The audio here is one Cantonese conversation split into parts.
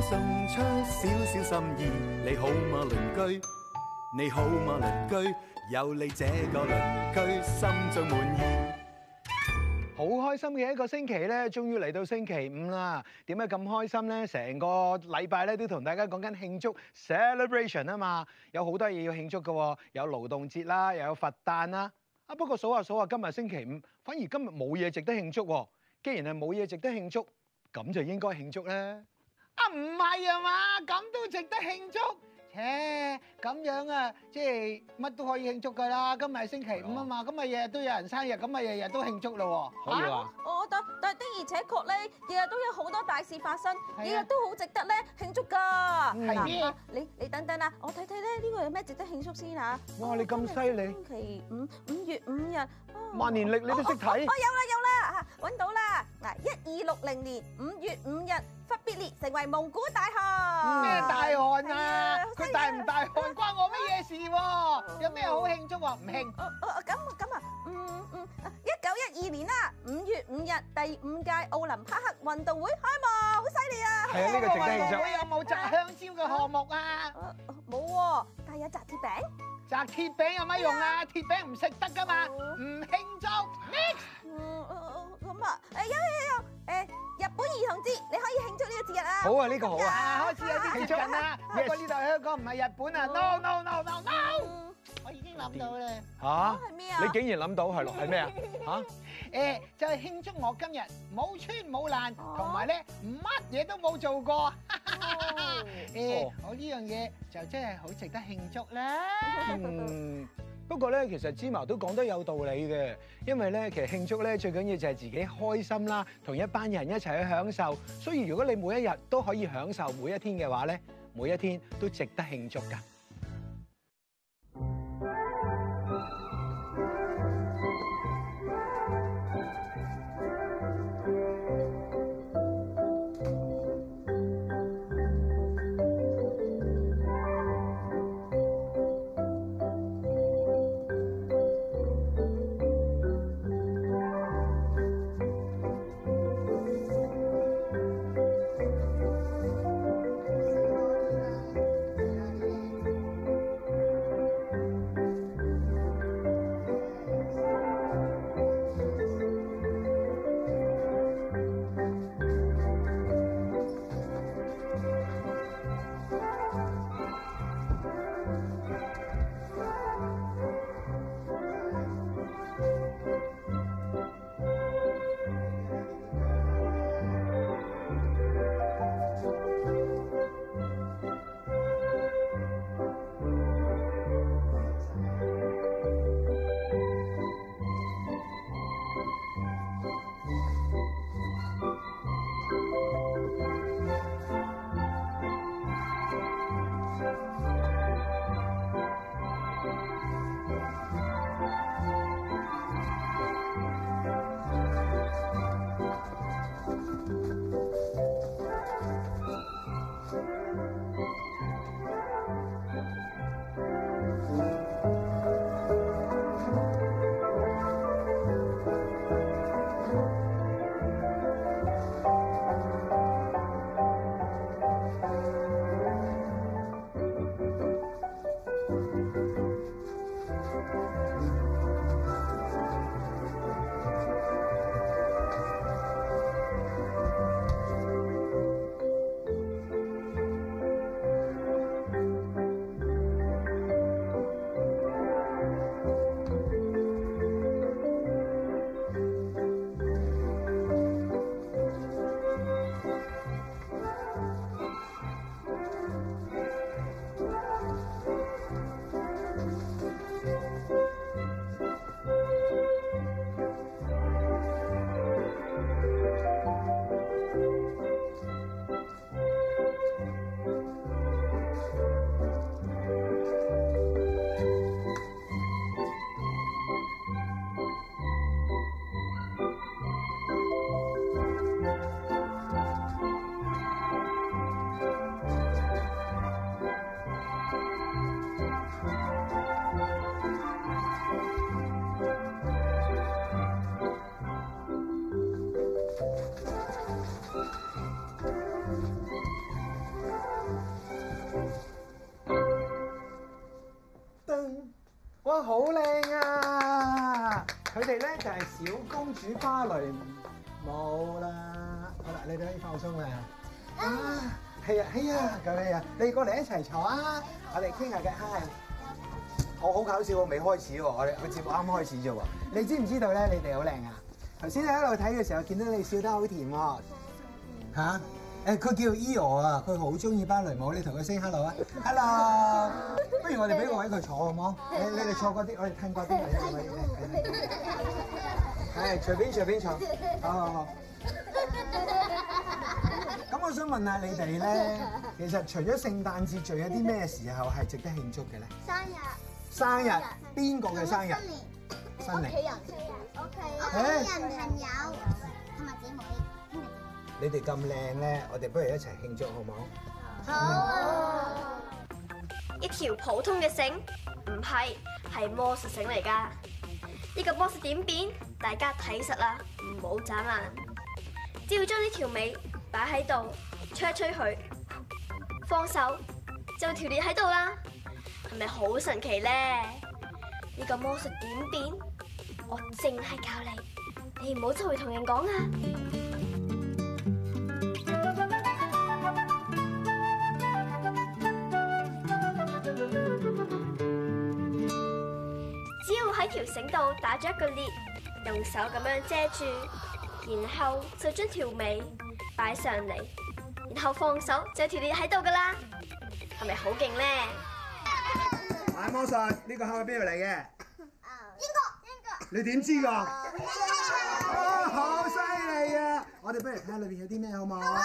送出少少心意，你好嗎，鄰居？你好嗎，鄰居？有你這個鄰居，心最滿意。好開心嘅一個星期咧，終於嚟到星期五啦。點解咁開心咧？成個禮拜咧都同大家講緊慶祝，celebration 啊嘛，有好多嘢要慶祝噶。有勞動節啦，又有佛誕啦。啊，不過數下數下，今日星期五，反而今日冇嘢值得慶祝。既然係冇嘢值得慶祝，咁就應該慶祝咧。啊唔係啊嘛，咁都值得慶祝。切，咁樣啊，即係乜都可以慶祝噶啦。今日星期五啊嘛，咁咪日日都有人生日，咁咪日日都慶祝咯。可以啊。我覺得，但係的而且確咧，日日都有好多大事發生，日日都好值得咧慶祝噶。係啊，你你等等啦，我睇睇咧，呢個有咩值得慶祝先嚇？哇！你咁犀利。星期五五月五日。萬年曆你都識睇。哦有啦有啦嚇，揾到啦。嗱，一二六零年五月五日。成為蒙古大汗，咩大漢啊？佢大唔大漢關我乜嘢事？有咩好慶祝啊？唔慶。咁咁啊，嗯嗯，一九一二年啦，五月五日，第五屆奧林匹克運動會開幕，好犀利啊！係呢個最驚。仲有冇摘香蕉嘅項目啊？冇，但係有摘鐵餅。摘鐵餅有乜用啊？鐵餅唔食得噶嘛？唔慶祝。嗯，咁啊，哎有有有。誒，日本兒童節，你可以慶祝呢個節日啊！好啊，呢個好啊，開始有啲慶祝緊啦。不過呢度香港唔係日本啊，no no no no no！我已經諗到啦。吓？係咩啊？你竟然諗到係咯？係咩啊？吓？誒，就係慶祝我今日冇穿冇爛，同埋咧乜嘢都冇做過。誒，我呢樣嘢就真係好值得慶祝啦。嗯。不過呢，其實芝麻都講得有道理嘅，因為呢，其實慶祝呢最緊要就係自己開心啦，同一班人一齊去享受。所以如果你每一日都可以享受每一天嘅話呢，每一天都值得慶祝㗎。我哋咧就係小公主芭蕾舞啦，好啦，你哋可以放鬆啦、啊。啊，係啊，係啊，咁啊，你哋過嚟一齊坐啊！我哋傾下偈，係我好搞笑，我未開始喎，我哋個節目啱啱開始啫喎。你知唔知道咧？你哋好靚啊！頭先喺度睇嘅時候，見到你笑得好甜喎、啊。吓、啊？誒佢叫 Eo 啊，佢好中意芭蕾舞，你同佢 say hello 啊，hello！不如我哋俾個位佢坐好唔好？你你哋坐過啲，我哋聽過啲，係咪？係隨便隨便坐，好好好。咁我想問下你哋咧，其實除咗聖誕節，仲有啲咩時候係值得慶祝嘅咧？生日，生日，邊個嘅生日？新年，屋企人，屋企人，屋企人朋友。你哋咁靚咧，我哋不如一齊慶祝好唔好？好，一條普通嘅繩，唔係，係魔術繩嚟噶。呢個魔術點變？大家睇實啦，唔好眨眼。只要將呢條尾擺喺度，吹一吹佢，放手就條鏈喺度啦。係咪好神奇咧？呢個魔術點變？我淨係教你，你唔好出去同人講啊！條繩度打咗一個裂，用手咁樣遮住，然後就將條尾擺上嚟，然後放手就條裂喺度噶啦，係咪好勁咧？玩魔術呢個係邊度嚟嘅？英國英國。你點知噶？啊，好犀利啊！我哋不如睇下裏邊有啲咩好冇？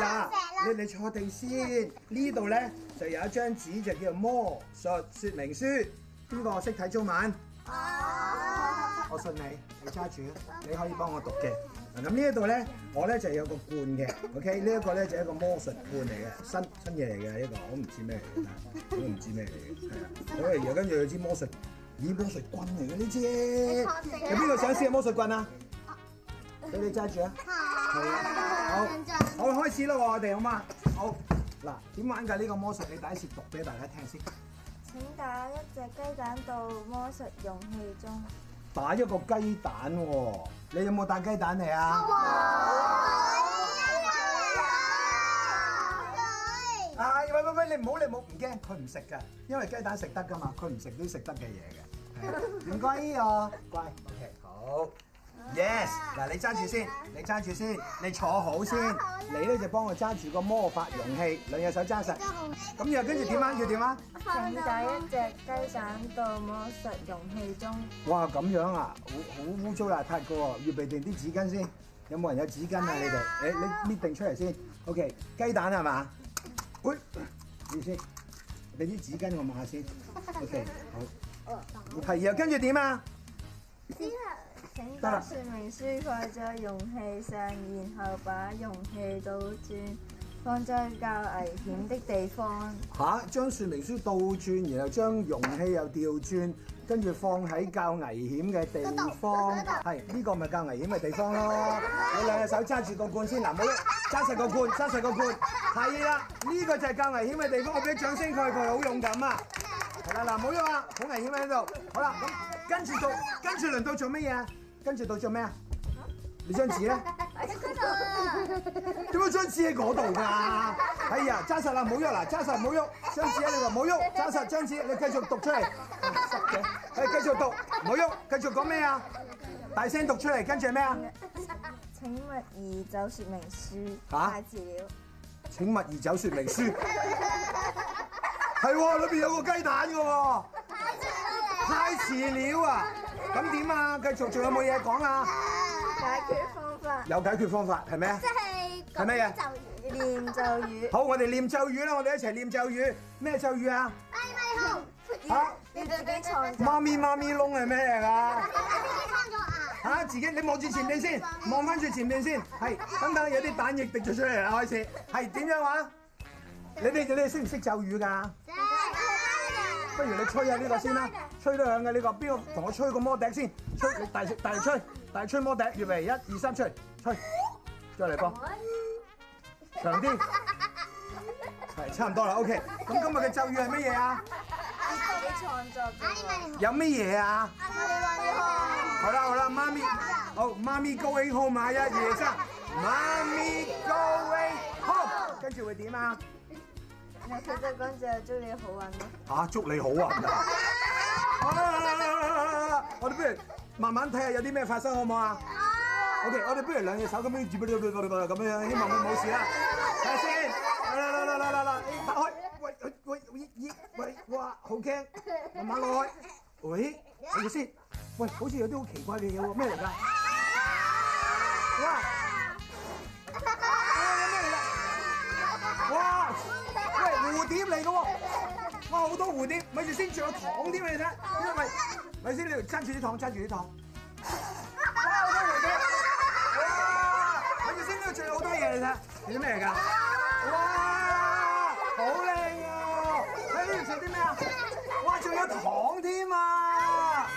嗱，你你坐定先，呢度咧就有一張紙就叫做魔術說明書。邊個識睇中文？我信你，你揸住啦，你可以幫我讀嘅。咁呢一度咧，我咧就有個罐嘅，OK？這呢一個咧就係、是、一個魔術罐嚟嘅，新新嘢嚟嘅呢個，我唔知咩嚟嘅，我唔知咩嚟嘅，係啊。咁啊，又跟住有支魔術，咦、欸，魔術棍嚟嘅呢支？有邊個想試下魔術棍啊？俾、啊、你揸住啊！ 好，好，我開始啦，我哋好嘛？好，嗱，點玩㗎呢個魔術？你第一次讀俾大家聽先。請打一隻雞蛋到魔術容器中。打一個雞蛋喎、哦，你有冇打雞蛋嚟啊？啊！喂喂喂，你唔好，你唔好唔驚，佢唔食㗎，因為雞蛋食得噶嘛，佢唔食啲食得嘅嘢嘅，唔該啊，乖，OK，好。好 Yes 嗱、yeah.，你揸住先，你揸住先，yeah. 你坐好先，你咧就幫我揸住個魔法容器，兩、yeah. 隻手揸實。咁又跟住點啊？Yeah. 要點啊？請打一隻雞蛋到魔術容器中。哇，咁樣啊，好污糟邋遢噶，要預備定啲紙巾先。有冇人有紙巾啊？Yeah. 你哋，誒，你搣定出嚟先。OK，雞蛋係嘛？喂，你 先，畀啲紙巾我抹下先。OK，好。係啊又跟住點啊？請將說明書蓋在容器上，然後把容器倒轉，放在較危險的地方。吓，啊，將說明書倒轉，然後將容器又調轉，跟住放喺較危險嘅地方。係呢個咪較危險嘅地方咯。你兩隻手揸住個罐先，嗱，唔好郁，揸實個罐，揸實個罐。係啦，呢個就係較危險嘅地方。我俾掌聲佢，佢好勇敢啊！係啦，嗱，唔好郁啊，好危險喺度。好啦，咁跟住做，跟住輪到做乜嘢啊？跟住到做咩啊？你張紙咧？點 解張紙喺嗰度噶？哎呀，揸實啦，唔好喐啦，揸實唔好喐，張紙喺呢度，唔好喐，揸實張紙，你繼續讀出嚟，欸，繼續讀，唔好喐，繼續講咩啊？大聲讀出嚟，跟住係咩啊？請勿移走說明書。嚇、啊？太遲了，太遲料。請勿移走說明書。係 喎，裏面有個雞蛋嘅喎。太遲料了。太遲料了啊！咁點啊？繼續仲有冇嘢講啊？解決方法，有解決方法係咩啊？即係念咒語。念咒語。好，我哋念咒語啦！我哋一齊念咒語。咩咒語啊？咪咪窿脱衣。啊！你自己坐住。媽咪媽咪窿係咩嚟噶？嚇！自己，你望住前面先，望翻住前面先。係，等等有啲蛋液滴咗出嚟喇！開始係點樣話？你哋，你哋識唔識咒語㗎？不如你吹下呢個先啦，吹得響嘅呢個，邊個同我吹個魔笛先？吹，你大大力吹，大力吹魔笛，預備一二三吹，吹，再嚟波，長啲，係差唔多啦，OK。咁今日嘅咒語係咩嘢啊？自己創作。有咩嘢啊？媽咪 going home。好啦好啦，媽咪，哦媽咪 going home，下一嘢先。媽咪 going home，跟住會點啊？我實際講就祝你好運咯。吓，祝你好運。我哋不如慢慢睇下有啲咩發生好唔好啊？好。O K，我哋不如兩隻手咁樣住俾你，咁樣，希望佢冇事啦。睇下先。嚟嚟嚟嚟嚟嚟，你打開。喂喂喂喂喂，哇，好驚。慢慢落去。喂，睇下先。喂，好似有啲好奇怪嘅嘢喎，咩嚟㗎？哇！嚟，哇，好多蝴蝶。咪住先，仲有糖添，你睇，咪咪先，你揸住啲糖，揸住啲糖，哇，好多啲蝴蝶，哇，咪住先，呢度仲有好多嘢，你睇，係啲咩嚟㗎？哇，好靚啊，睇呢度，食啲咩啊？哇，仲有糖添啊，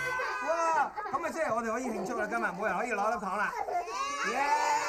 哇，咁咪即係我哋可以慶祝啦，今日每人可以攞粒糖啦，耶、yeah!！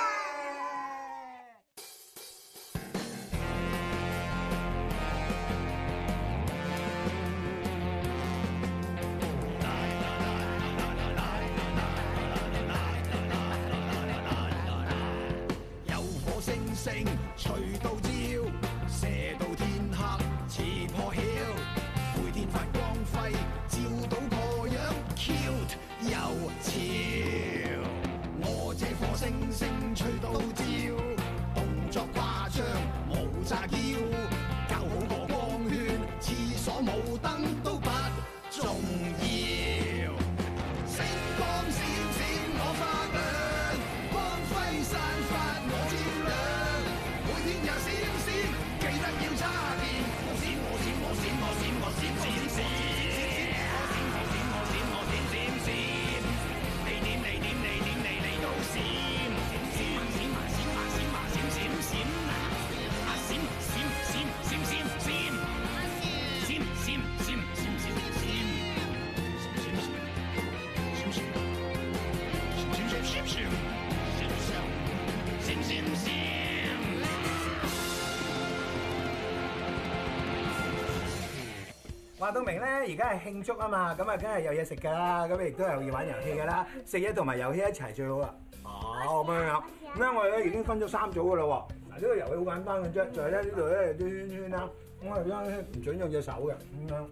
話到明咧，而家係慶祝啊嘛，咁啊梗係有嘢食噶啦，咁亦都係要玩遊戲噶啦，食嘢同埋遊戲一齊最好啦。哦咁樣，咁我咧已經分咗三組噶啦喎。嗱呢個遊戲好簡單嘅啫，就係咧呢度咧啲圈圈啦，咁啊依家咧唔準用隻手嘅，咁樣。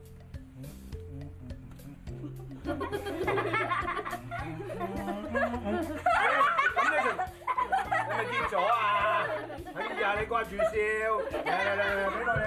咁你哋你咪跌咗啊？哎呀，你掛住笑。